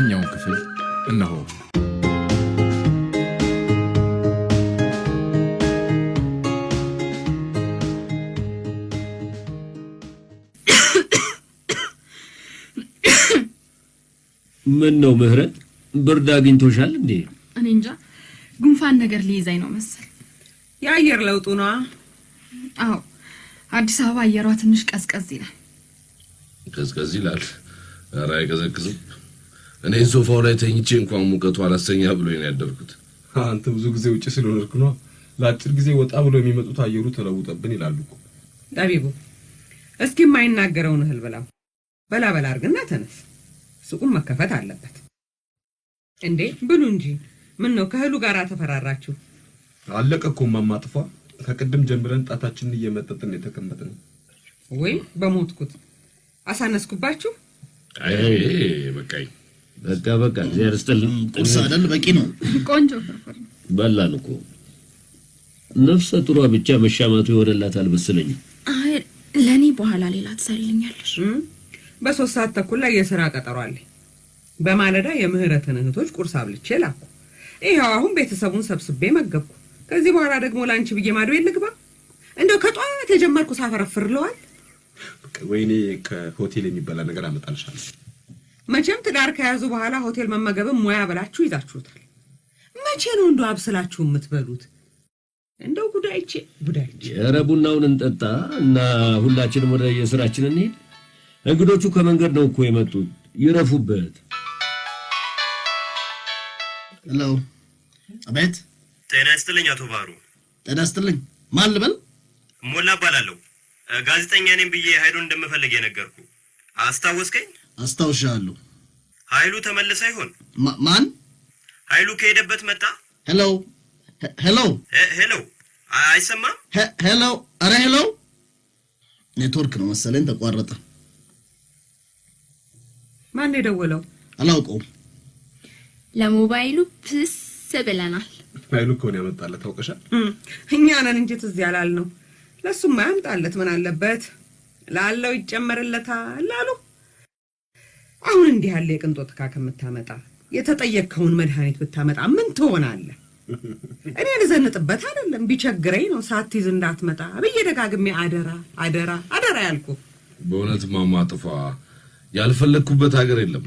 ሀያኛውን ክፍል እነሆ። ምን ነው ምህረት፣ ብርድ አግኝቶሻል እንዴ? እኔ እንጃ ጉንፋን ነገር ሊይዛኝ ነው መሰል። የአየር ለውጡ ነዋ። አዎ አዲስ አበባ አየሯ ትንሽ ቀዝቀዝ ይላል። ቀዝቀዝ ይላል። ኧረ አይቀዘቅዝም። እኔ ሶፋው ላይ ተኝቼ እንኳን ሙቀቱ አላሰኛ ብሎ ነው ያደርኩት። አንተ ብዙ ጊዜ ውጭ ስለሆነርክ ነው። ለአጭር ጊዜ ወጣ ብሎ የሚመጡት አየሩ ተለውጠብን ይላሉ እኮ ጠቢቡ። እስኪ የማይናገረውን እህል ብላው። በላ በላ አርግና ተነስ። ሱቁም መከፈት አለበት እንዴ! ብሉ እንጂ። ምን ነው ከእህሉ ጋር ተፈራራችሁ? አለቀ እኮ እማማ ጥፏ። ከቅድም ጀምረን ጣታችንን እየመጠጥን የተቀመጥን። ወይ በሞትኩት አሳነስኩባችሁ። አይ በቃኝ በቃ በቃ እግዚአብሔር ይስጥልን። ቁርስ አይደል በቂ ነው። ቆንጆ ፍርፍር በላን እኮ ነፍሰ ጥሯ ብቻ መሻማቱ ይሆንላታል መሰለኝ። አይ ለኔ በኋላ ሌላ ትሰሪልኛለሽ። በሶስት ሰዓት ተኩል ላይ የሥራ ቀጠሮ አለኝ። በማለዳ የምህረትን እህቶች ቁርስ አብልቼ ላኩ። ይኸው አሁን ቤተሰቡን ሰብስቤ መገብኩ። ከዚህ በኋላ ደግሞ ለአንቺ ብዬ ማዶ ልግባ። እንደው ከጧት የጀመርኩ ሳፈረፍር ለዋል። ወይኔ ከሆቴል የሚበላ ነገር አመጣልሻለሁ። መቼም ትዳር ከያዙ በኋላ ሆቴል መመገብም ሙያ ብላችሁ ይዛችሁታል። መቼ ነው እንዶ አብስላችሁ የምትበሉት? እንደው ጉዳይቼ ጉዳይቼ። ኧረ ቡናውን እንጠጣ እና ሁላችንም ወደ የስራችን እንሂድ። እንግዶቹ ከመንገድ ነው እኮ የመጡት፣ ይረፉበት። ሄሎ። አቤት። ጤና ይስጥልኝ አቶ ባህሩ። ጤና ይስጥልኝ። ማን ልበል? ሞላ እባላለሁ። ጋዜጠኛ ነኝ ብዬ ሀይሉን እንደምፈልግ የነገርኩ አስታወስከኝ? አስታውሻለሁ። ኃይሉ ተመለሰ ይሆን? ማን ኃይሉ ከሄደበት መጣ? ሄሎ ሄሎ ሄሎ፣ አይሰማም? ሄሎ፣ አረ ሄሎ። ኔትወርክ ነው መሰለኝ ተቋረጠ። ማን የደወለው? አላውቀውም። ለሞባይሉ ፕስ ብለናል። ኃይሉ እኮ ነው ያመጣለት። እኛ ነን እንጂ ትዝ ያላል ነው። ለሱ አያምጣለት ምን አለበት? ላለው ይጨመርለታል አሉ አሁን እንዲህ ያለ የቅንጦት ዕቃ ከምታመጣ የተጠየቅከውን መድኃኒት ብታመጣ ምን ትሆናለህ? እኔ ልዘንጥበት አይደለም፣ ቢቸግረኝ ነው ሳትይዝ እንዳትመጣ ብዬ ደጋግሜ አደራ አደራ አደራ ያልኩ። በእውነት ማማ ጥፋ ያልፈለግኩበት ሀገር የለም።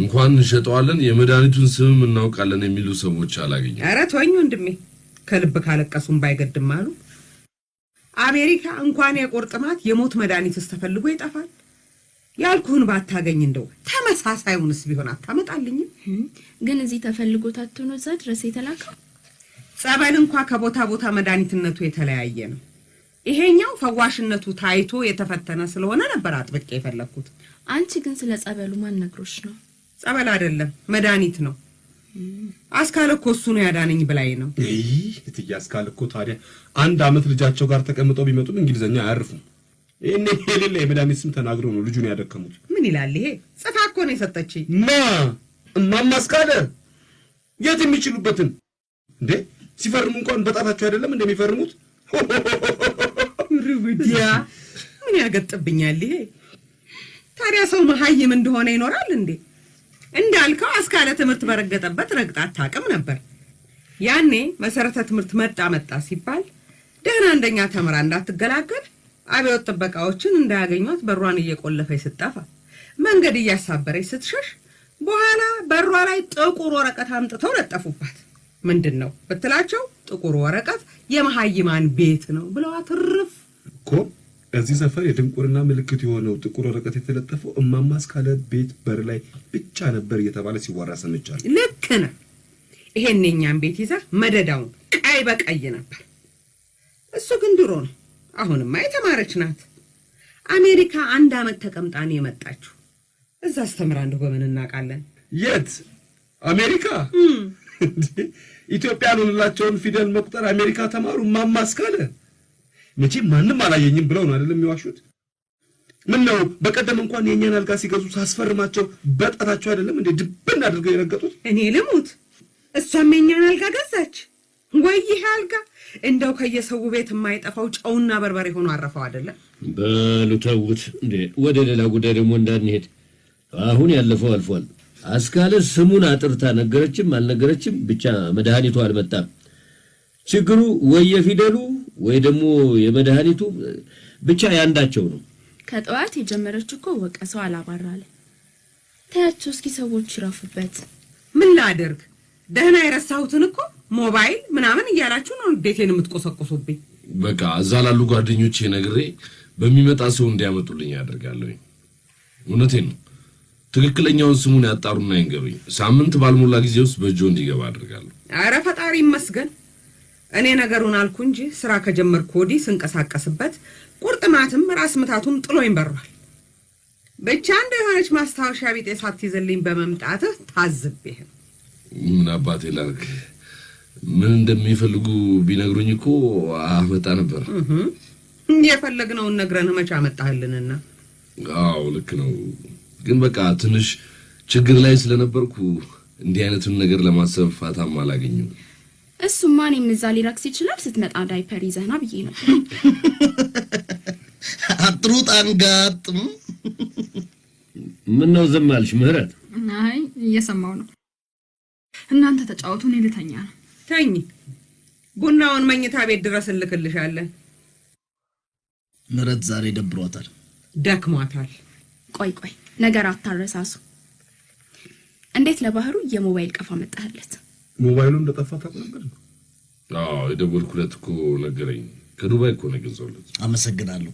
እንኳን እንሸጠዋለን የመድኃኒቱን ስምም እናውቃለን የሚሉ ሰዎች አላገኘ። ኧረ ተወኝ ወንድሜ፣ ከልብ ካለቀሱም ባይገድም አሉ። አሜሪካ እንኳን የቁርጥማት የሞት መድኃኒት ተፈልጎ ይጠፋል። ያልኩህን ባታገኝ እንደው ተመሳሳዩንስ ቢሆን አታመጣልኝም? ግን እዚህ ተፈልጎ ታትኖ እዛ ድረስ የተላከው ጸበል እንኳ ከቦታ ቦታ መድኃኒትነቱ የተለያየ ነው። ይሄኛው ፈዋሽነቱ ታይቶ የተፈተነ ስለሆነ ነበር አጥብቄ የፈለግኩት። አንቺ ግን ስለ ጸበሉ ማን ነግሮሽ ነው? ጸበል አይደለም መድኃኒት ነው። አስካለ እኮ እሱ ነው ያዳነኝ ብላኝ ነው። እትዬ አስካለ እኮ ታዲያ አንድ አመት ልጃቸው ጋር ተቀምጠው ቢመጡም እንግሊዝኛ አያርፉም። ይሄን የሌለ የመድኃኒት ስም ተናግረው ነው ልጁን ያደከሙት። ምን ይላል ይሄ? ጽፋ እኮ ነው የሰጠችኝ። ማ እማማስካለ የት የሚችሉበትን እንዴ ሲፈርሙ እንኳን በጣታቸው አይደለም እንደሚፈርሙት። ሩብዲያ ምን ያገጥብኛል ይሄ? ታዲያ ሰው መሀይም እንደሆነ ይኖራል እንዴ? እንዳልከው አስካለ ትምህርት በረገጠበት ረግጣ አታውቅም ነበር። ያኔ መሰረተ ትምህርት መጣ መጣ ሲባል ደህና አንደኛ ተምራ እንዳትገላገል አብዮት ጥበቃዎችን እንዳያገኟት በሯን እየቆለፈች ስትጠፋ መንገድ እያሳበረች ስትሸሽ በኋላ በሯ ላይ ጥቁር ወረቀት አምጥተው ለጠፉባት። ምንድን ነው ብትላቸው ጥቁር ወረቀት የመሀይማን ቤት ነው ብለዋ ትርፍ እኮ እዚህ ሰፈር የድንቁርና ምልክት የሆነው ጥቁር ወረቀት የተለጠፈው እማማ አስካለ ቤት በር ላይ ብቻ ነበር እየተባለ ሲወራ ሰምቻለሁ። ልክ ነህ። ይሄን የእኛን ቤት ይዘህ መደዳውን ቀይ በቀይ ነበር። እሱ ግን ድሮ ነው። አሁንማ የተማረች ናት። አሜሪካ አንድ አመት ተቀምጣን የመጣችው የመጣችሁ። እዛ አስተምራ እንደው በምን እናውቃለን? የት አሜሪካ? ኢትዮጵያ ሁላቸውን ፊደል መቁጠር አሜሪካ ተማሩ ማማስካለ መቼም ማንም አላየኝም ብለው ነው አይደለም የሚዋሹት። ምን ነው በቀደም እንኳን የእኛን አልጋ ሲገዙ ሳስፈርማቸው በጣታቸው አይደለም እንዴ ድብን አድርገው የረገጡት። እኔ ልሙት፣ እሷም የእኛን አልጋ ገዛች ወይ? ይሄ አልጋ እንደው ከየሰው ቤት የማይጠፋው ጨውና በርበሬ ሆኖ አረፈው አይደለም። በሉተውት እንዴ! ወደ ሌላ ጉዳይ ደግሞ እንዳንሄድ አሁን ያለፈው አልፏል። አስካለ ስሙን አጥርታ ነገረችም አልነገረችም ብቻ መድኃኒቱ አልመጣም። ችግሩ ወይ የፊደሉ ወይ ደግሞ የመድኃኒቱ ብቻ ያንዳቸው ነው። ከጠዋት የጀመረች እኮ ወቀ ሰው አላባራለ። ታያቸው እስኪ ሰዎች ይረፉበት። ምን ላደርግ ደህና የረሳሁትን እኮ ሞባይል ምናምን እያላችሁ ነው ቤቴን የምትቆሰቆሱብኝ። በቃ እዛ ላሉ ጓደኞቼ ነግሬ በሚመጣ ሰው እንዲያመጡልኝ ያደርጋለሁኝ። እውነቴ ነው። ትክክለኛውን ስሙን ያጣሩና ይንገሩኝ። ሳምንት ባልሞላ ጊዜ ውስጥ በእጆ እንዲገባ አደርጋለሁ። አረ ፈጣሪ ይመስገን። እኔ ነገሩን አልኩ እንጂ ስራ ከጀመርኩ ወዲህ ስንቀሳቀስበት ቁርጥማትም ራስ ምታቱም ጥሎኝ በሯል። ብቻ እንደ የሆነች ማስታወሻ ቢጤ ሳትይዝልኝ በመምጣትህ ታዝቤህ። ምን አባቴ ላድርግ? ምን እንደሚፈልጉ ቢነግሩኝ እኮ አመጣ ነበር። የፈለግነውን ነግረን መቼ አመጣህልንና። አዎ ልክ ነው፣ ግን በቃ ትንሽ ችግር ላይ ስለነበርኩ እንዲህ አይነቱን ነገር ለማሰብ ፋታም አላገኘም። እሱ ማን የምዛ ሊረክስ ይችላል። ስትመጣ ዳይፐር ይዘህና ብዬ ነው። አጥሩጥ አንጋጥም። ምን ነው ዝም አልሽ ምህረት? አይ እየሰማው ነው። እናንተ ተጫወቱ፣ እኔ ልተኛ ነው። ተኝ ቡናውን መኝታ ቤት ድረስ እንልክልሻለን። ምረት ዛሬ ደብሯታል፣ ደክሟታል። ቆይ ቆይ ነገር አታረሳሱ። እንዴት ለባህሩ የሞባይል ቀፋ መጣህለት? ሞባይሉ እንደጠፋ ታውቅ ነበር? አዎ የደወልኩለት እኮ ነገረኝ። ከዱባይ እኮ ነው የገዛሁለት። አመሰግናለሁ።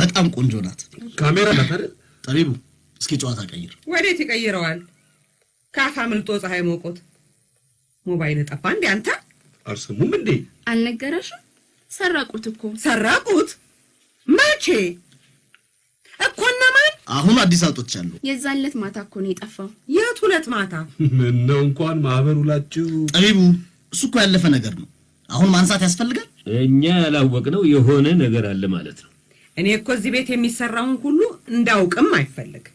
በጣም ቆንጆ ናት። ካሜራ ናት ጠቢቡ እስኪ ጨዋታ ቀይር። ወዴት ይቀይረዋል? ካፍ ምልጦ ፀሐይ ሞቆት ሞባይል ጠፋ እንዴ? አንተ አልሰሙም እንዴ? አልነገረሽም? ሰራቁት እኮ ሰራቁት። መቼ እኮና ማን አሁን አዲስ አውጥቻለሁ። የዛን ዕለት ማታ እኮ ነው የጠፋው። የት ሁለት ማታ ነው? እንኳን ማህበሩ ላችሁ ጠቢቡ፣ እሱ እኮ ያለፈ ነገር ነው። አሁን ማንሳት ያስፈልጋል። እኛ ያላወቅነው የሆነ ነገር አለ ማለት ነው። እኔ እኮ እዚህ ቤት የሚሰራውን ሁሉ እንዳውቅም አይፈልግ።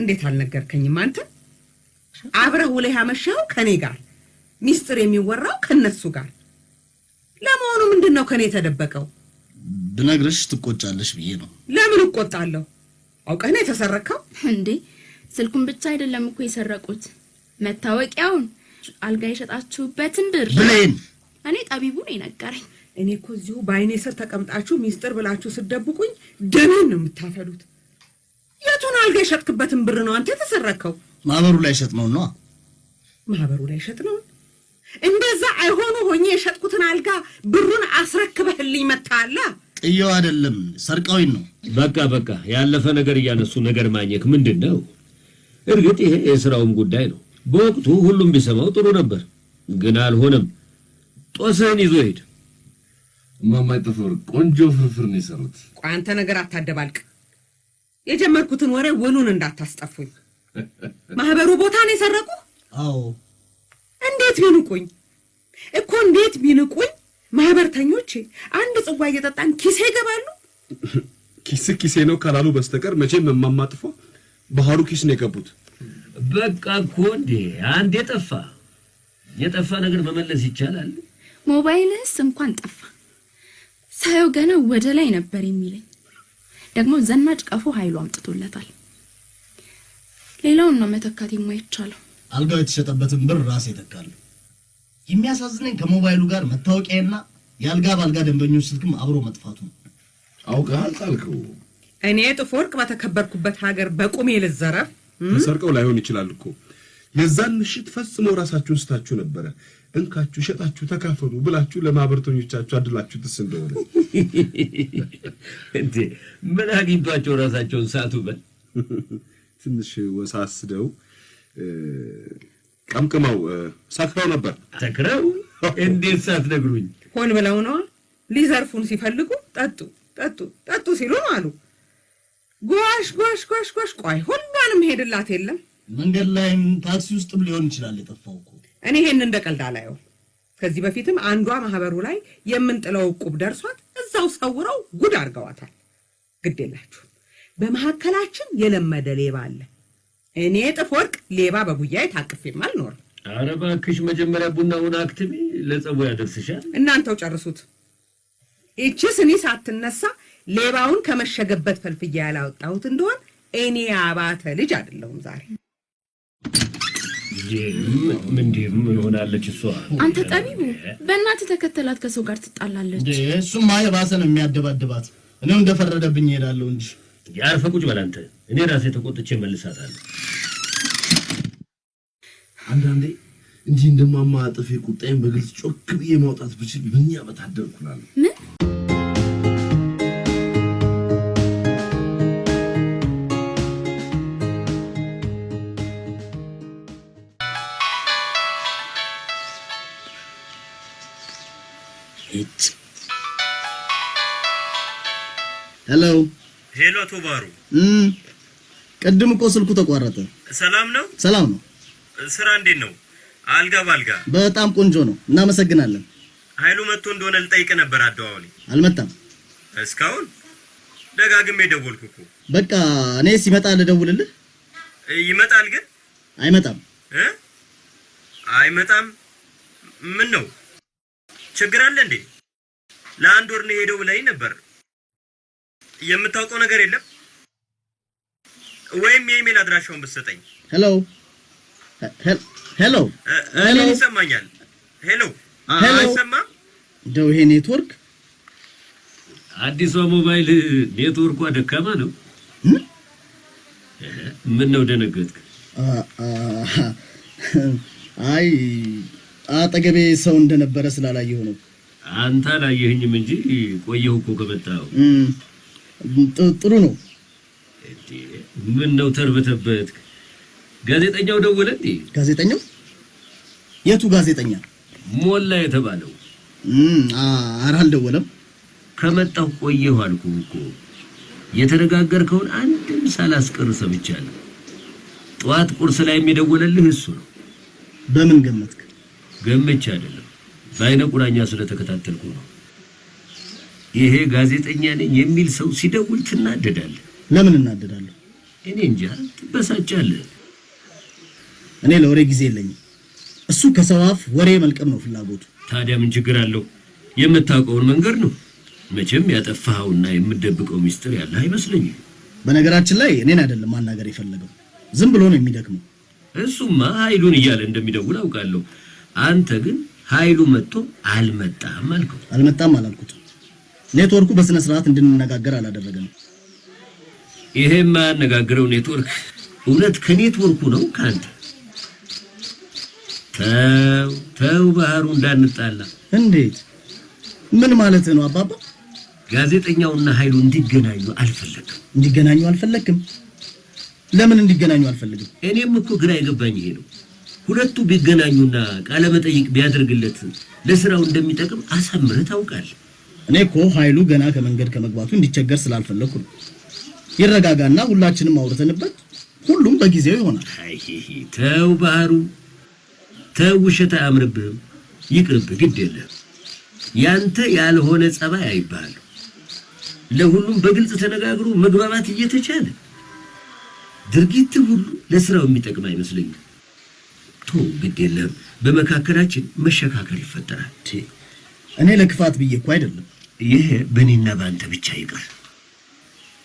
እንዴት አልነገርከኝም? አንተ አብረህ ውለህ ያመሸኸው ከኔ ጋር ሚስጥር የሚወራው ከነሱ ጋር። ለመሆኑ ምንድን ነው ከእኔ የተደበቀው? ብነግርሽ ትቆጫለሽ ብዬ ነው። ለምን እቆጣለሁ? አውቀህ ነው የተሰረከው እንዴ? ስልኩን ብቻ አይደለም እኮ የሰረቁት መታወቂያውን፣ አልጋ የሸጣችሁበትን ብር። ብሌን፣ እኔ ጠቢቡ ነው የነገረኝ። እኔ እኮ እዚሁ በአይኔ ስር ተቀምጣችሁ ሚስጥር ብላችሁ ስደብቁኝ ደሜን ነው የምታፈሉት። የቱን አልጋ የሸጥክበትን ብር ነው አንተ የተሰረከው? ማህበሩ ላይ ሸጥ ነው ነዋ። ማህበሩ ላይ ሸጥ ነው እንደዛ አይሆኑ ሆኜ የሸጥኩትን አልጋ ብሩን አስረክበህልኝ መታለ። ጥየው አይደለም ሰርቀዊን ነው። በቃ በቃ፣ ያለፈ ነገር እያነሱ ነገር ማግኘት ምንድን ነው? እርግጥ ይሄ የስራውም ጉዳይ ነው። በወቅቱ ሁሉም ቢሰማው ጥሩ ነበር፣ ግን አልሆነም። ጦስህን ይዞ ሄድ። እማማ ቆንጆ ፍርፍር ነው የሰሩት። ቆይ አንተ ነገር አታደባልቅ። የጀመርኩትን ወሬ ውሉን እንዳታስጠፉኝ። ማህበሩ ቦታ ነው የሰረቁ። አዎ እንዴት ቢንቁኝ እኮ እንዴት ቢንቁኝ። ማህበርተኞች አንድ ጽዋ እየጠጣን ኪሴ ይገባሉ። ኪስ ኪሴ ነው ካላሉ በስተቀር መቼም የማማጥፎ ባህሩ ኪስ ነው የገቡት። በቃ እኮ እንዴ አንድ የጠፋ የጠፋ ነገር መመለስ ይቻላል። ሞባይልስ እንኳን ጠፋ። ሳየው ገና ወደ ላይ ነበር የሚለኝ። ደግሞ ዘናጭ ቀፎ ኃይሉ አምጥቶለታል። ሌላውን ነው መተካት የማይቻለው። አልጋው የተሸጠበትን ብር ራሴ እተካለሁ። የሚያሳዝነኝ ከሞባይሉ ጋር መታወቂያና የአልጋ በአልጋ ደንበኞች ስልክም አብሮ መጥፋቱ ነው። አውቃል ጣልከው። እኔ ጥፎ ወርቅ በተከበርኩበት ሀገር በቁሜ ልዘረፍ ተሰርቀው ላይሆን ይችላል እኮ የዛን ምሽት ፈጽሞ ራሳችሁን ስታችሁ ነበረ። እንካችሁ ሸጣችሁ ተካፈሉ ብላችሁ ለማህበርተኞቻችሁ አድላችሁትስ እንደሆነ እንዴ ምን አግኝቷቸው ራሳቸውን ሳቱ። በል ትንሽ ወሳስደው ቀምቅመው ሰክረው ነበር። ሰክረው እንዴት ሳትነግሩኝ? ሆን ብለው ነዋ። ሊዘርፉን ሲፈልጉ ጠጡ ጠጡ ጠጡ ሲሉም አሉ። ጓሽ ጓሽ ጓሽ ጓሽ ቆይ ሁሏንም ሄድላት የለም መንገድ ላይም ታክሲ ውስጥም ሊሆን ይችላል የጠፋው እኮ። እኔ ይሄን እንደ ቀልድ አላየው። ከዚህ በፊትም አንዷ ማህበሩ ላይ የምንጥለው ዕቁብ ደርሷት እዛው ሰውረው ጉድ አድርገዋታል። ግድ የላችሁም። በመሀከላችን የለመደ ሌባ አለ። እኔ ጥፍ ወርቅ ሌባ በቡያዬ ታቅፌም አልኖር አረባ እባክሽ መጀመሪያ ቡናውን አክትሚ፣ ለጸቡ ያደርስሻል። እናንተው ጨርሱት። እቺ ስኒ ሳትነሳ ሌባውን ከመሸገበት ፈልፍያ ያላወጣሁት እንደሆን እኔ አባተ ልጅ አይደለሁም። ዛሬ ምንድም ሆናለች እሷ። አንተ ጠቢቡ፣ በእናት ተከተላት፣ ከሰው ጋር ትጣላለች። እሱማ የባሰ ነው የሚያደባድባት። እንደፈረደብኝ እሄዳለሁ እንጂ ያርፈ ቁጭ እኔ ራሴ ተቆጥቼ መልሳታለሁ። አንዳንዴ እንዲህ እንደማማ ጥፌ ቁጣዬን በግልጽ ጮክ ብዬ ማውጣት ብችል ምንኛ በታደርኩናል። ሄሎ ሄሎ ቶባሩ ቅድም እኮ ስልኩ ተቋረጠ። ሰላም ነው? ሰላም ነው። ስራ እንዴት ነው? አልጋ ባልጋ በጣም ቆንጆ ነው። እናመሰግናለን። ኃይሉ መጥቶ እንደሆነ ልጠይቅ ነበር። አደዋውል አልመጣም እስካሁን። ደጋግሜ ደወልኩ እኮ። በቃ እኔ ሲመጣ ልደውልልህ። ይመጣል ግን አይመጣም እ አይመጣም ምን ነው ችግር አለ እንዴ? ለአንድ ወር ነው የሄደው ብለኸኝ ነበር። የምታውቀው ነገር የለም ወይም የኢሜል አድራሻውን ብትሰጠኝ። ሄሎ ሄሎ ሄሎ፣ ይሰማኛል? ሄሎ አይሰማ እንደው ይሄ ኔትወርክ አዲሷ ሞባይል ኔትወርኳ ደካማ ነው። ምን ነው ደነገጥክ? አይ አጠገቤ ሰው እንደነበረ ስላላየሁ ነው። አንተ አላየኸኝም እንጂ ቆየሁ እኮ ከመጣሁ። ጥሩ ነው። ምን ነው ተርበተበት? ጋዜጠኛው ደወለ እንዴ? ጋዜጠኛው? የቱ ጋዜጠኛ? ሞላ የተባለው ኧረ አልደወለም። ከመጣሁ ቆየሁ አልኩ እኮ የተነጋገርከውን አንድም ሳላስቀር ሰምቻለሁ። ጠዋት ቁርስ ላይ የሚደወለልህ እሱ ነው። በምን ገመትክ? ገመች አይደለም በአይነ ቁራኛ ስለተከታተልኩ ነው። ይሄ ጋዜጠኛ ነኝ የሚል ሰው ሲደውል ትናደዳለህ። ለምን እናደዳለሁ? እኔ እንጃ ትበሳጫለህ። እኔ ለወሬ ጊዜ የለኝም። እሱ ከሰው አፍ ወሬ መልቀም ነው ፍላጎቱ። ታዲያ ምን ችግር አለው? የምታውቀውን መንገድ ነው። መቼም ያጠፋኸውና የምደብቀው ሚስጥር ያለ አይመስለኝም። በነገራችን ላይ እኔን አይደለም ማናገር የፈለገው፣ ዝም ብሎ ነው የሚደክመው። እሱማ ኃይሉን እያለ እንደሚደውል አውቃለሁ። አንተ ግን ኃይሉ መጥቶ አልመጣም አልከው። አልመጣም አላልኩት። ኔትወርኩ በስነ ስርዓት እንድንነጋገር አላደረገም። ይሄ የማያነጋግረው ኔትወርክ እውነት ከኔትወርኩ ነው ከአንተ? ተው ተው፣ ባህሩ እንዳንጣላ። እንዴት? ምን ማለት ነው አባባ? ጋዜጠኛውና ኃይሉ እንዲገናኙ አልፈለግም። እንዲገናኙ አልፈለግም? ለምን እንዲገናኙ አልፈልግም? እኔም እኮ ግራ የገባኝ ይሄ ነው። ሁለቱ ቢገናኙና ቃለ መጠይቅ ቢያደርግለት ለስራው እንደሚጠቅም አሳምረህ ታውቃለህ። እኔ እኮ ኃይሉ ገና ከመንገድ ከመግባቱ እንዲቸገር ስላልፈለግኩ ነው። ይረጋጋና ሁላችንም አውርተንበት ሁሉም በጊዜው ይሆናል። ተው ባህሩ ተው፣ ውሸት አያምርብህም። ይቅርብ ግድ የለም ያንተ ያልሆነ ጸባይ አይባል። ለሁሉም በግልጽ ተነጋግሮ መግባባት እየተቻለ ድርጊት ሁሉ ለስራው የሚጠቅም አይመስለኝም። ቶ ግድ የለም በመካከላችን መሸካከል ይፈጠራል። እኔ ለክፋት ብዬ እኮ አይደለም። ይሄ በእኔና በአንተ ብቻ ይቅር።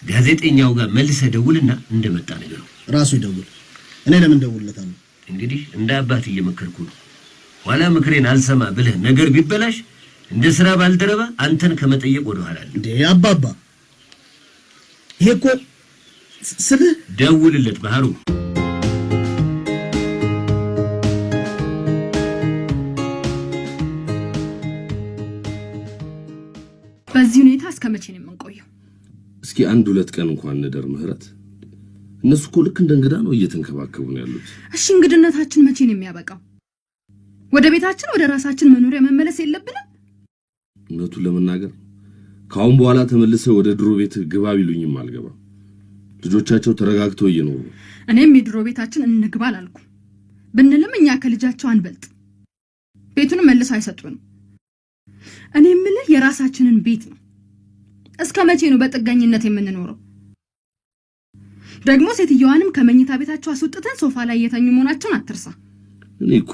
ጋዜጠኛው ጋር መልሰ ደውልና እንደመጣ ነገር ራሱ ይደውል። እኔ ለምን ደውልለታለሁ? እንግዲህ እንደ አባት እየመከርኩ ነው። ኋላ ምክሬን አልሰማ ብለህ ነገር ቢበላሽ እንደ ስራ ባልደረባ አንተን ከመጠየቅ ወደ ኋላ እንዴ። አባባ ይሄ እኮ ስልህ ደውልለት ባህሩ በዚህ ሁኔታ እስከ መቼ ነው የምንቆየው? እስኪ አንድ ሁለት ቀን እንኳን እንደር ምህረት፣ እነሱ እኮ ልክ እንደ እንግዳ ነው እየተንከባከቡ ነው ያሉት። እሺ እንግድነታችን መቼ ነው የሚያበቃው? ወደ ቤታችን ወደ ራሳችን መኖሪያ መመለስ የለብንም? እውነቱን ለመናገር ከአሁን በኋላ ተመልሰ ወደ ድሮ ቤት ግባ ቢሉኝም አልገባም። ልጆቻቸው ተረጋግተው እየኖሩ እኔም የድሮ ቤታችን እንግባ አላልኩ ብንልም እኛ ከልጃቸው አንበልጥ። ቤቱንም መልሰው አይሰጡንም። እኔ የምልህ የራሳችንን ቤት ነው እስከ መቼ ነው በጥገኝነት የምንኖረው? ደግሞ ሴትየዋንም ከመኝታ ቤታቸው አስወጥተን ሶፋ ላይ እየተኙ መሆናቸውን አትርሳ። እኔ እኮ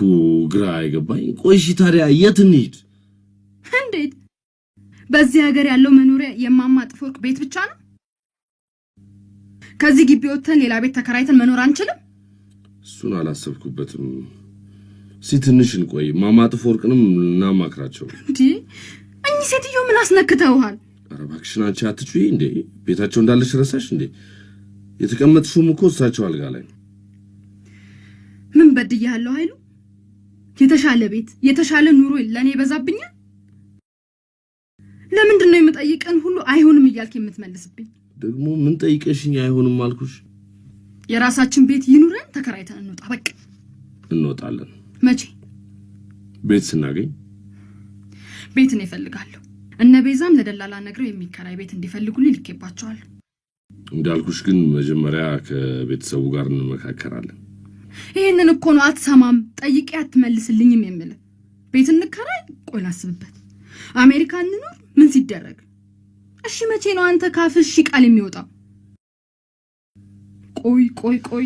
ግራ አይገባኝ። ቆይሽ ታዲያ የት እንሂድ? እንዴት? በዚህ ሀገር ያለው መኖሪያ የማማ ጥፎወርቅ ቤት ብቻ ነው? ከዚህ ግቢ ወጥተን ሌላ ቤት ተከራይተን መኖር አንችልም? እሱን አላሰብኩበትም። እስኪ ትንሽ እንቆይ፣ ማማ ጥፎወርቅንም እናማክራቸው። እንዲህ እኚህ ሴትዮ ምን አስነክተውሃል? ኧረ እባክሽን አንቺ አትጩሂ እንዴ! ቤታቸው እንዳለሽ ረሳሽ እንዴ? የተቀመጥሽውም እኮ እሳቸው አልጋ ላይ ነው። ምን በድያለሁ ኃይሉ? የተሻለ ቤት የተሻለ ኑሮ ለእኔ ይበዛብኛል? ለምንድን ነው የምጠይቀን ሁሉ አይሆንም እያልክ የምትመልስብኝ? ደግሞ ምን ጠይቀሽኝ አይሆንም አልኩሽ? የራሳችን ቤት ይኑረን፣ ተከራይተን እንውጣ። በቃ እንወጣለን። መቼ? ቤት ስናገኝ። ቤትን እፈልጋለሁ እነ ቤዛም ለደላላ ነግረው የሚከራይ ቤት እንዲፈልጉልኝ ልኬባቸዋል። እንዳልኩሽ ግን መጀመሪያ ከቤተሰቡ ጋር እንመካከራለን። ይህንን እኮ ነው አትሰማም፣ ጠይቄ አትመልስልኝም የምል ቤት እንከራይ፣ ቆይ ላስብበት፣ አሜሪካ እንኖር፣ ምን ሲደረግ። እሺ መቼ ነው አንተ ካፍሽ ቃል የሚወጣው? ቆይ ቆይ ቆይ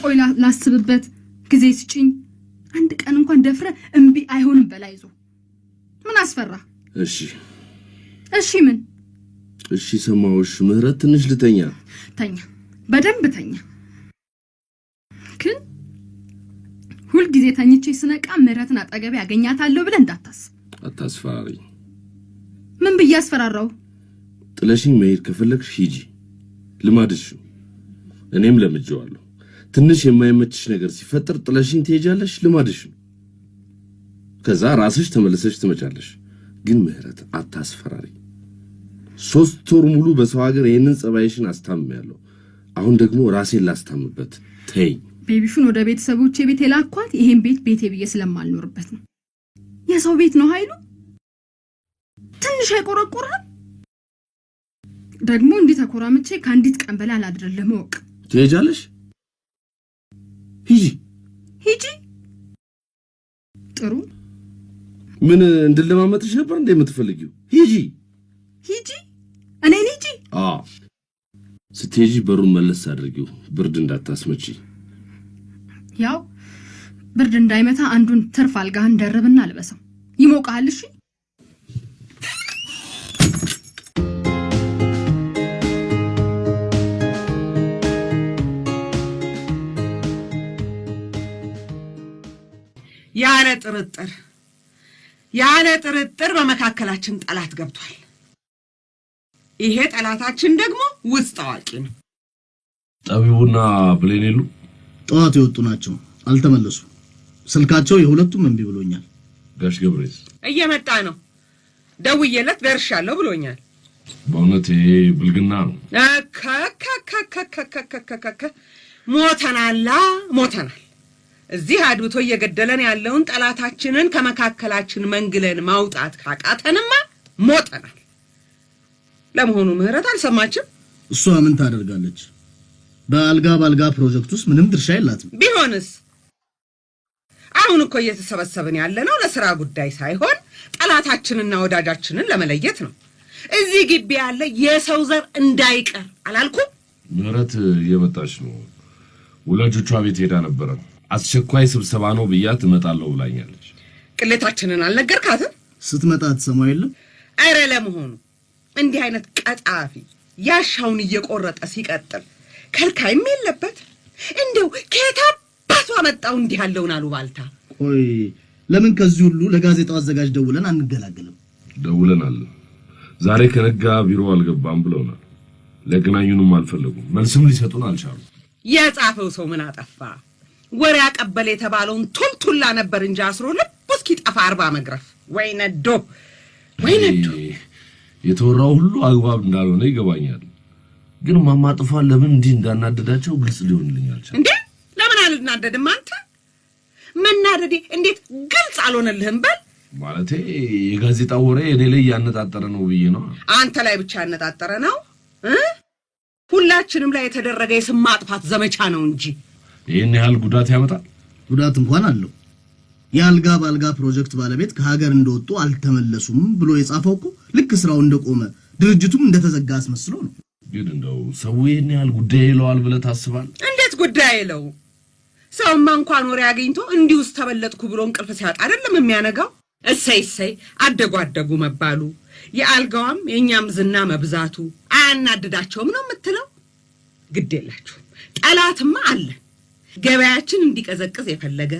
ቆይ ላስብበት፣ ጊዜ ስጭኝ። አንድ ቀን እንኳን ደፍረ እምቢ አይሆንም በላይ ይዞ ምን አስፈራ? እሺ እሺ ምን? እሺ ሰማሁሽ። ምህረት ትንሽ ልተኛ። ተኛ፣ በደንብ ተኛ። ግን ሁልጊዜ ተኝቼ ስነቃ ምህረትን አጠገቤ ያገኛታለሁ ብለህ እንዳታስብ። አታስፈራሪ። ምን ብዬ አስፈራራው? ጥለሽኝ መሄድ ከፈለግሽ ሂጂ፣ ልማድሽ። እኔም ለምጄዋለሁ። ትንሽ የማይመችሽ ነገር ሲፈጠር ጥለሽኝ ትሄጃለሽ፣ ልማድሽ። ከዛ ራስሽ ተመልሰሽ ትመጫለሽ። ግን ምህረት አታስፈራሪ። ሶስት ወር ሙሉ በሰው ሀገር ይህንን ጸባይሽን ያለው አሁን ደግሞ ራሴን ላስታምበት ተይኝ። ቤቢሹን ወደ ቤተሰቦች ቤት የላኳት ይሄን ቤት ቤቴ ብዬ ስለማልኖርበት ነው። የሰው ቤት ነው ኃይሉ ትንሽ አይቆረቆራል። ደግሞ እንዲህ ተኮራምቼ ከአንዲት ቀን በላይ አላድርልህ። መወቅ ትሄጃለሽ? ሂጂ ምን እንድለማመጥሽ ነበር እንደ የምትፈልጊው? ሂጂ ሂጂ፣ እኔን ሂጂ። ስትሄጂ በሩን መለስ አድርጊው፣ ብርድ እንዳታስመጪ። ያው ብርድ እንዳይመታ አንዱን ትርፍ አልጋህን ደርብና አልበሰው፣ ይሞቃሃል። እሺ ያለ ጥርጥር ያለ ጥርጥር በመካከላችን ጠላት ገብቷል። ይሄ ጠላታችን ደግሞ ውስጥ አዋቂ ነው። ጠቢቡና ብሌን የሉ? ጠዋት የወጡ ናቸው፣ አልተመለሱ ስልካቸው የሁለቱም እምቢ ብሎኛል። ጋሽ ገብሬስ? እየመጣ ነው፣ ደውዬለት ደርሻለሁ ብሎኛል። በእውነት ይሄ ብልግና ነው። ሞተናላ ሞተናል እዚህ አድብቶ እየገደለን ያለውን ጠላታችንን ከመካከላችን መንግለን ማውጣት ካቃተንማ ሞጠናል። ለመሆኑ ምህረት አልሰማችም? እሷ ምን ታደርጋለች? በአልጋ በአልጋ ፕሮጀክት ውስጥ ምንም ድርሻ የላትም። ቢሆንስ አሁን እኮ እየተሰበሰብን ያለነው ለስራ ጉዳይ ሳይሆን ጠላታችንና ወዳጃችንን ለመለየት ነው። እዚህ ግቢ ያለ የሰው ዘር እንዳይቀር አላልኩም? ምህረት እየመጣች ነው። ወላጆቿ ቤት ሄዳ ነበረ። አስቸኳይ ስብሰባ ነው ብያት እመጣለሁ ብላኛለች። ቅሌታችንን አልነገርካትም? ስትመጣ ትሰማው የለም። ኧረ ለመሆኑ እንዲህ አይነት ቀጣፊ ያሻውን እየቆረጠ ሲቀጥል ከልካይም የለበት። እንደው ኬታ አባቷ መጣው እንዲህ ያለውን አሉባልታ። ቆይ ለምን ከዚህ ሁሉ ለጋዜጣው አዘጋጅ ደውለን አንገላገልም? ደውለናል። ዛሬ ከነጋ ቢሮ አልገባም ብለውናል። ሊያገናኙንም አልፈለጉም። መልስም ሊሰጡን አልቻሉም። የጻፈው ሰው ምን አጠፋ? ወሬ አቀበል የተባለውን ቱልቱላ ነበር እንጂ አስሮ ልቡ እስኪጠፋ አርባ መግረፍ ወይ ነዶ ወይ ነዶ። የተወራው ሁሉ አግባብ እንዳልሆነ ይገባኛል፣ ግን ማማ ጥፋን ለምን እንዲህ እንዳናደዳቸው ግልጽ ሊሆንልኝ አልቻለም። እንዴ ለምን አልናደድም? አንተ መናደዴ እንዴት ግልጽ አልሆነልህም? በል ማለቴ የጋዜጣ ወሬ እኔ ላይ እያነጣጠረ ነው ብዬ ነው። አንተ ላይ ብቻ ያነጣጠረ ነው ሁላችንም ላይ የተደረገ የስም ማጥፋት ዘመቻ ነው እንጂ ይህን ያህል ጉዳት ያመጣል? ጉዳት እንኳን አለው። የአልጋ በአልጋ ፕሮጀክት ባለቤት ከሀገር እንደወጡ አልተመለሱም ብሎ የጻፈው እኮ ልክ ስራው እንደቆመ ድርጅቱም እንደተዘጋ አስመስሎ ነው። ግን እንደው ሰው ይህን ያህል ጉዳይ ይለዋል ብለህ ታስባለህ? እንዴት ጉዳይ ይለው? ሰውማ እንኳን ወሬ አግኝቶ እንዲሁስ ተበለጥኩ ብሎ እንቅልፍ ሲያጣ አይደለም የሚያነጋው። እሰይ እሰይ፣ አደጉ አደጉ መባሉ የአልጋዋም የእኛም ዝና መብዛቱ አያናድዳቸውም ነው የምትለው? ግድ የላችሁም፣ ጠላትማ አለን። ገበያችን እንዲቀዘቅዝ የፈለገ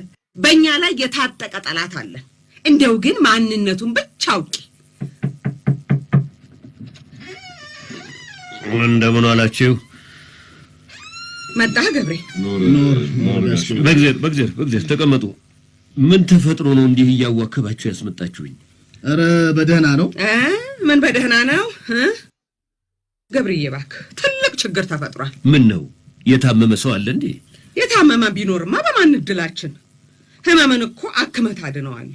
በእኛ ላይ የታጠቀ ጠላት አለን። እንደው ግን ማንነቱን ብቻ አውቂ። እንደምን አላችሁ? መጣህ ገብሬ? በእግዜር በእግዜር ተቀመጡ። ምን ተፈጥሮ ነው እንዲህ እያዋከባችሁ ያስመጣችሁኝ? ኧረ በደህና ነው። ምን በደህና ነው ገብርዬ? እባክህ ትልቅ ችግር ተፈጥሯል። ምን ነው? የታመመ ሰው አለ እንዴ? የታመመ ቢኖርማ በማን እድላችን? ህመምን እኮ አክመት አድነዋል።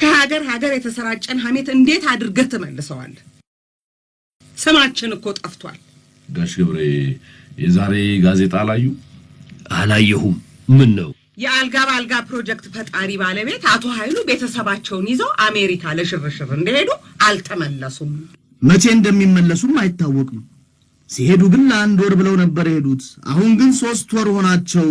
ከሀገር ሀገር የተሰራጨን ሐሜት እንዴት አድርገህ ትመልሰዋል? ስማችን እኮ ጠፍቷል። ጋሽ ገብሬ የዛሬ ጋዜጣ አላዩ? አላየሁም። ምን ነው? የአልጋ በአልጋ ፕሮጀክት ፈጣሪ ባለቤት አቶ ኃይሉ ቤተሰባቸውን ይዘው አሜሪካ ለሽርሽር እንደሄዱ አልተመለሱም። መቼ እንደሚመለሱም አይታወቅም። ሲሄዱ ግን ለአንድ ወር ብለው ነበር የሄዱት። አሁን ግን ሶስት ወር ሆናቸው።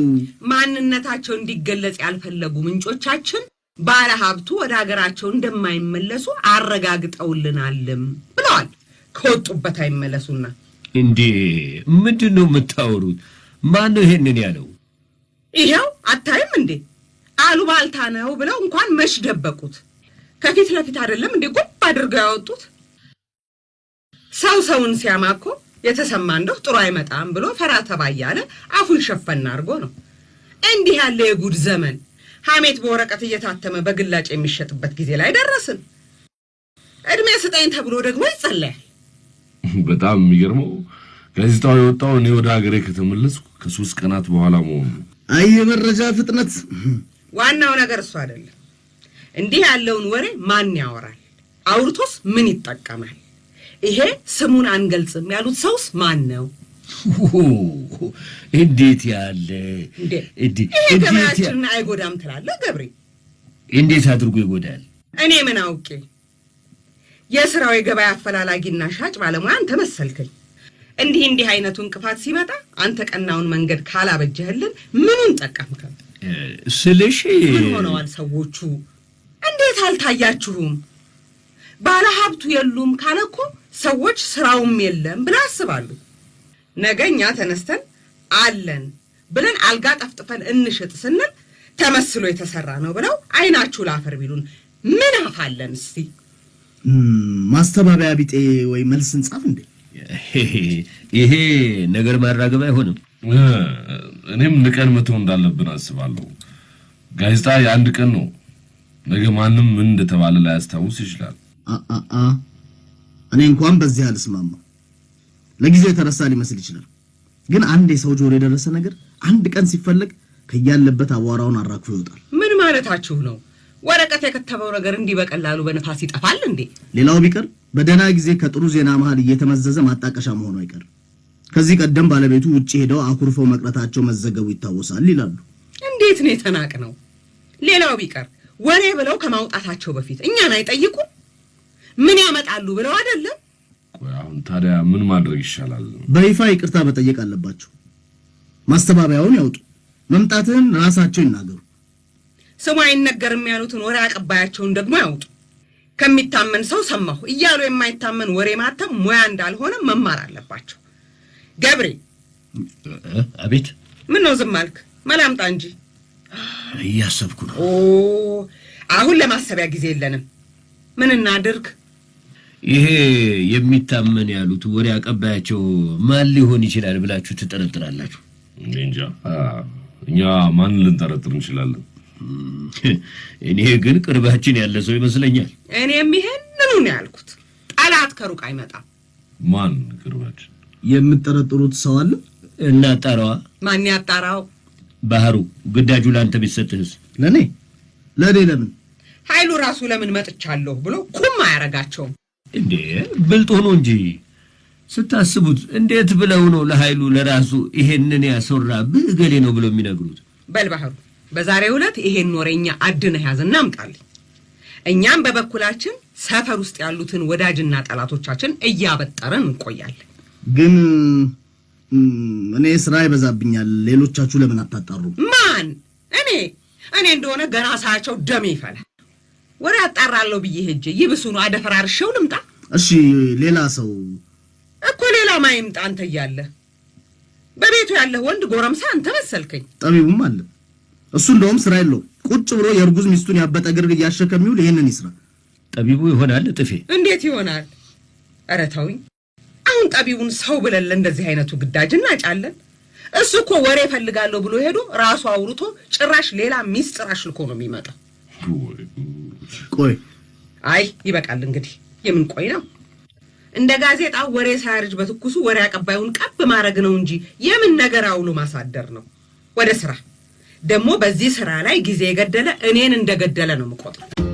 ማንነታቸው እንዲገለጽ ያልፈለጉ ምንጮቻችን ባለ ሀብቱ ወደ ሀገራቸው እንደማይመለሱ አረጋግጠውልናልም ብለዋል። ከወጡበት አይመለሱና። እንዴ ምንድን ነው የምታወሩት? ማን ነው ይሄንን ያለው? ይኸው አታይም እንዴ አሉባልታ ነው ብለው እንኳን መች ደበቁት። ከፊት ለፊት አይደለም እንዴ ጉብ አድርገው ያወጡት። ሰው ሰውን ሲያማኮ የተሰማ እንደው ጥሩ አይመጣም ብሎ ፈራ ተባያለ አፉን ሸፈና አድርጎ ነው። እንዲህ ያለ የጉድ ዘመን ሐሜት በወረቀት እየታተመ በግላጭ የሚሸጥበት ጊዜ ላይ ደረስን። እድሜ ስጠኝ ተብሎ ደግሞ ይጸለያል። በጣም የሚገርመው ጋዜጣው የወጣው እኔ ወደ ሀገሬ ከተመለስኩ ከሶስት ቀናት በኋላ መሆኑ። አይ የመረጃ ፍጥነት! ዋናው ነገር እሱ አይደለም። እንዲህ ያለውን ወሬ ማን ያወራል? አውርቶስ ምን ይጠቀማል? ይሄ ስሙን አንገልጽም ያሉት ሰውስ ማን ነው? እንዴት ያለ ይሄ ገበያችንን አይጎዳም ትላለህ ገብሬ? እንዴት አድርጎ ይጎዳል? እኔ ምን አውቄ። የስራው የገበያ አፈላላጊና ሻጭ ባለሙያ አንተ መሰልከኝ። እንዲህ እንዲህ አይነቱ እንቅፋት ሲመጣ አንተ ቀናውን መንገድ ካላበጀህልን ምኑን ጠቀምከ ስልሽ ምን ሆነዋል ሰዎቹ? እንዴት አልታያችሁም? ባለሀብቱ የሉም ካለ እኮ ሰዎች ስራውም የለም ብላ አስባሉ። ነገ እኛ ተነስተን አለን ብለን አልጋ ጠፍጥፈን እንሽጥ ስንል ተመስሎ የተሰራ ነው ብለው አይናችሁ ላፈር ቢሉን ምን አፋለን? እስቲ ማስተባበያ ቢጤ ወይ መልስ እንጻፍ እንዴ? ይሄ ነገር ማራገብ አይሆንም። እኔም ንቀን መተው እንዳለብን አስባለሁ። ጋዜጣ የአንድ ቀን ነው። ነገ ማንም ምን እንደተባለ ላያስታውስ ይችላል። እኔ እንኳን በዚህ አልስማማ። ለጊዜው የተረሳ ሊመስል ይችላል፣ ግን አንድ የሰው ጆሮ የደረሰ ነገር አንድ ቀን ሲፈለግ ከያለበት አቧራውን አራክፎ ይወጣል። ምን ማለታችሁ ነው? ወረቀት የከተበው ነገር እንዲህ በቀላሉ በነፋስ ይጠፋል እንዴ? ሌላው ቢቀር በደህና ጊዜ ከጥሩ ዜና መሃል እየተመዘዘ ማጣቀሻ መሆኑ አይቀርም። ከዚህ ቀደም ባለቤቱ ውጭ ሄደው አኩርፈው መቅረታቸው መዘገቡ ይታወሳል ይላሉ። እንዴት ነው የተናቅ ነው? ሌላው ቢቀር ወሬ ብለው ከማውጣታቸው በፊት እኛን አይጠይቁም። ምን ያመጣሉ ብለው አይደለም። አሁን ታዲያ ምን ማድረግ ይሻላል? በይፋ ይቅርታ መጠየቅ አለባቸው። ማስተባበያውን ያውጡ፣ መምጣትን ራሳቸው ይናገሩ። ስሙ አይነገርም ያሉትን ወሬ አቀባያቸውን ደግሞ ያውጡ። ከሚታመን ሰው ሰማሁ እያሉ የማይታመን ወሬ ማተም ሙያ እንዳልሆነ መማር አለባቸው። ገብሬ፣ አቤት። ምን ነው ዝም አልክ? መላምጣ እንጂ እያሰብኩ ነው። አሁን ለማሰቢያ ጊዜ የለንም። ምን እናድርግ? ይሄ የሚታመን ያሉት ወሬ አቀባያቸው ማን ሊሆን ይችላል ብላችሁ ትጠረጥራላችሁ? እንጃ እኛ ማን ልንጠረጥር እንችላለን? እኔ ግን ቅርባችን ያለ ሰው ይመስለኛል። እኔም ይሄንኑ ነው ያልኩት። ጠላት ከሩቅ አይመጣም። ማን ቅርባችን? የምጠረጥሩት ሰው አለ? እናጣራዋ። ማን ያጣራው? ባህሩ፣ ግዳጁ ለአንተ ቢሰጥህስ? ለእኔ ለእኔ ለምን ኃይሉ ራሱ ለምን መጥቻለሁ ብሎ ኩም አያረጋቸውም? እንዴ ብልጥ ሆኖ እንጂ ስታስቡት እንዴት ብለው ነው ለኃይሉ ለራሱ ይሄንን ያሰራ ብገሌ ነው ብለው የሚነግሩት? በልባህሩ በዛሬው ዕለት ይሄን ወሬኛ አድነህ ያዝ እና አምጣልኝ። እኛም በበኩላችን ሰፈር ውስጥ ያሉትን ወዳጅና ጠላቶቻችን እያበጠረን እንቆያለን። ግን እኔ ስራ ይበዛብኛል። ሌሎቻችሁ ለምን አታጣሩ? ማን? እኔ እኔ እንደሆነ ገና ሳያቸው ደሜ ይፈላል። ወሬ አጣራለሁ ብዬ ሄጄ ይብሱ ነው አደፈራርሸው ልምጣ። እሺ ሌላ ሰው እኮ ሌላ ማይምጣ አንተ እያለህ በቤቱ ያለህ ወንድ ጎረምሳ አንተ መሰልከኝ። ጠቢቡም አለ እሱ እንደውም ስራ የለው ቁጭ ብሎ የእርጉዝ ሚስቱን ያበጠ ግርግ እያሸከ የሚውል ይሄንን ይስራ። ጠቢቡ ይሆናል ጥፌ። እንዴት ይሆናል? ኧረ ተውኝ። አሁን ጠቢቡን ሰው ብለን ለእንደዚህ አይነቱ ግዳጅ እናጫለን? እሱ እኮ ወሬ እፈልጋለሁ ብሎ ሄዶ ራሱ አውርቶ ጭራሽ ሌላ ሚስጥር አሽልኮ ነው የሚመጣው። ቆይ። አይ ይበቃል እንግዲህ የምንቆይ ነው። እንደ ጋዜጣው ወሬ ሳያርጅ በትኩሱ ወሬ አቀባዩን ቀብ ማድረግ ነው እንጂ የምን ነገር አውሎ ማሳደር ነው። ወደ ስራ ደግሞ በዚህ ስራ ላይ ጊዜ የገደለ እኔን እንደገደለ ነው የምቆጥረው።